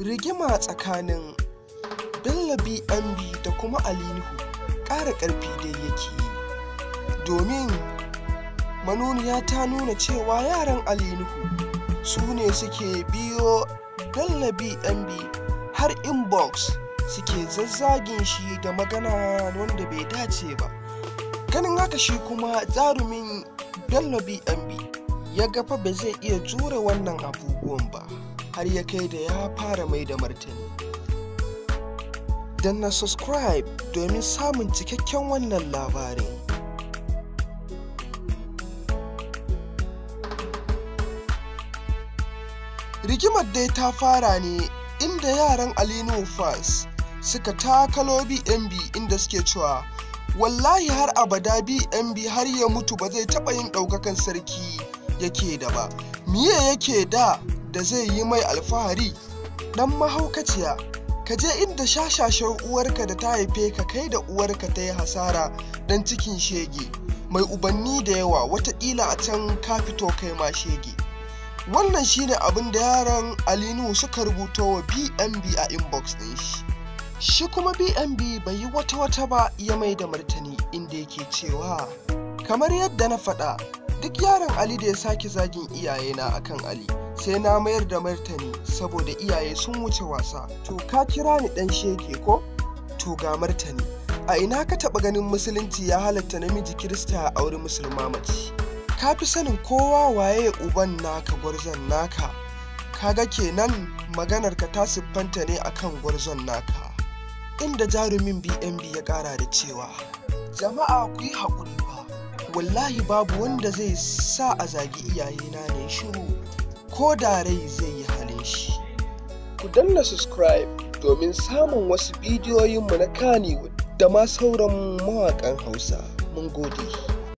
rigima tsakanin bello bnb da kuma alinuhu ƙara ƙarfi dai yake yi domin manuniya ta nuna cewa yaran alinihu su ne suke biyo bello bnb har inbox suke zazzagin shi da magana wanda bai dace ba ganin haka shi kuma jarumin bello bnb ya gafa ba zai iya jure wannan abubuwan ba har ya kai da ya fara mai da martani na subscribe domin samun cikakken wannan labarin rigimar dai ta fara ne inda yaran alinu fas suka takalo bnb inda suke cewa wallahi har abada bnb har ya mutu ba zai taɓa yin ɗaukakan sarki yake da ba miye yake da da zai yi mai alfahari ɗan mahaukaciya ka je inda shashashar uwarka da ta haife ka kai da uwarka ta yi hasara don cikin shege mai ubanni da yawa watakila a can ka fito kai ma shege wannan shine abin da yaran alinu suka rubuto wa bnb a inbox din shi shi kuma bnb bai yi wata wata ba ya mai da martani inda yake cewa kamar yadda na faɗa duk yaron ali da ya sake zagin iyayena akan ali sai na mayar da martani saboda iyaye sun wuce wasa to ka kira ni dan shege ko to ga martani a ina ka taɓa ganin musulunci ya halatta namiji kirista a auri musulma mace ka fi sanin kowa waye uban naka gwarzon naka Ka ga kenan maganar ka ta siffanta ne akan gwarzon naka inda jarumin bnb ya kara da cewa jama'a ku yi haƙuri wallahi babu wanda zai sa a zagi iyayena ne shiru ko da rai zai yi halin shi ku danna subscribe domin samun wasu bidiyoyinmu na kanewood da ma sauran mawaƙan hausa mun gode